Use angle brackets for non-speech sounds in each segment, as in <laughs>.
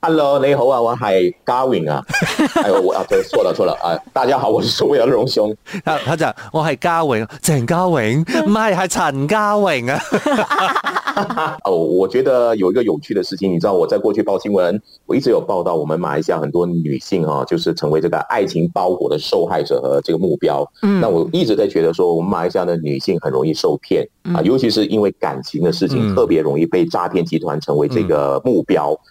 hello，你好啊，我係嘉榮啊， <laughs> 哎我啊對錯了錯了啊，大家好，我是所謂的榮兄。他阿講我係嘉榮，陳嘉榮，唔係係陳嘉榮啊。哦， <laughs> 我覺得有一個有趣的事情，你知道我在過去報新聞，我一直有報道我們馬來西亞很多女性啊，就是成為這個愛情包裹的受害者和這個目標。嗯。那我一直在覺得說，我們馬來西亞的女性很容易受騙啊，嗯、尤其是因為感情的事情，嗯、特別容易被詐騙集團成為這個目標。嗯嗯。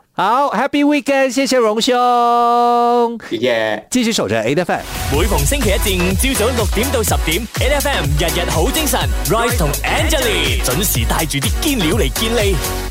好，Happy Weekend！謝謝榮兄，支持 Yeah 繼續守着 A F M。每逢星期一至五朝早六點到十點，A F M 日日好精神，Royce 同 Angeline 準時帶住啲堅料嚟見你。